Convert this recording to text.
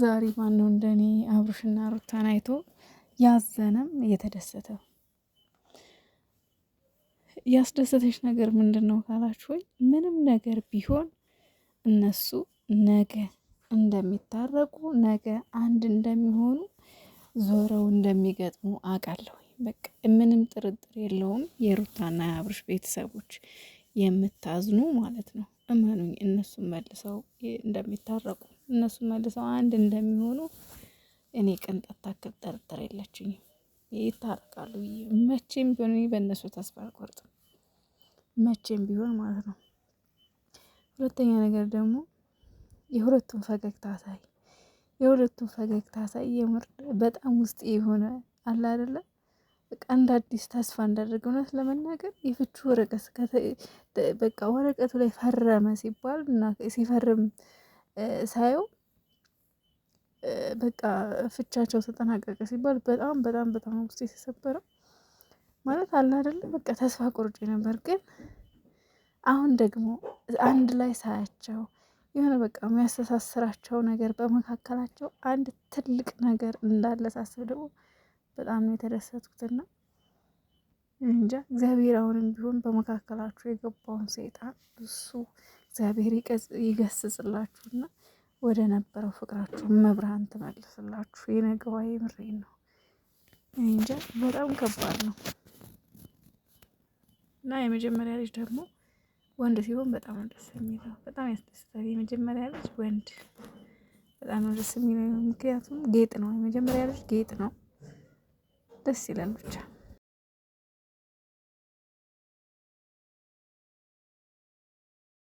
ዛሬ ነው እንደኔ አብርሽና ሩታን አይቶ ያዘነም እየተደሰተው? ያስደሰተች ነገር ምንድን ነው ካላችሁኝ፣ ምንም ነገር ቢሆን እነሱ ነገ እንደሚታረቁ ነገ አንድ እንደሚሆኑ ዞረው እንደሚገጥሙ አውቃለሁ። በቃ ምንም ጥርጥር የለውም። የሩታና የአብርሽ ቤተሰቦች የምታዝኑ ማለት ነው፣ እመኑኝ እነሱ መልሰው እንደሚታረቁ እነሱ መልሰው አንድ እንደሚሆኑ እኔ ቅንጣት ታክል ጥርጥር የለችኝም። ይታረቃሉ። መቼም ቢሆን እኔ በእነሱ ተስፋ አልቆርጥም። መቼም ቢሆን ማለት ነው። ሁለተኛ ነገር ደግሞ የሁለቱም ፈገግታ ሳይ የሁለቱም ፈገግታ ሳይ የምር በጣም ውስጥ የሆነ አለ አይደለ በቃ እንደ አዲስ ተስፋ እንዳደርግ እውነት ለመናገር የፍቹ ወረቀት በቃ ወረቀቱ ላይ ፈረመ ሲባል እና ሲፈርም ሳየው በቃ ፍቻቸው ተጠናቀቀ ሲባል በጣም በጣም በጣም ውስጥ የተሰበረው ማለት አለ አይደለ በቃ ተስፋ ቁርጭ ነበር። ግን አሁን ደግሞ አንድ ላይ ሳያቸው የሆነ በቃ የሚያስተሳስራቸው ነገር በመካከላቸው አንድ ትልቅ ነገር እንዳለ ሳስብ ደግሞ በጣም ነው የተደሰትኩትና እንጃ እግዚአብሔር አሁንም ቢሆን በመካከላቸው የገባውን ሰይጣን እሱ እግዚአብሔር ይገስጽላችሁና ወደ ነበረው ፍቅራችሁ መብርሃን ትመልስላችሁ። የነገዋ የምሬን ነው እንጂ በጣም ከባድ ነው እና የመጀመሪያ ልጅ ደግሞ ወንድ ሲሆን በጣም ደስ የሚለው በጣም ያስደስታል። የመጀመሪያ ልጅ ወንድ በጣም ደስ የሚለው ምክንያቱም ጌጥ ነው። የመጀመሪያ ልጅ ጌጥ ነው። ደስ ይላል ብቻ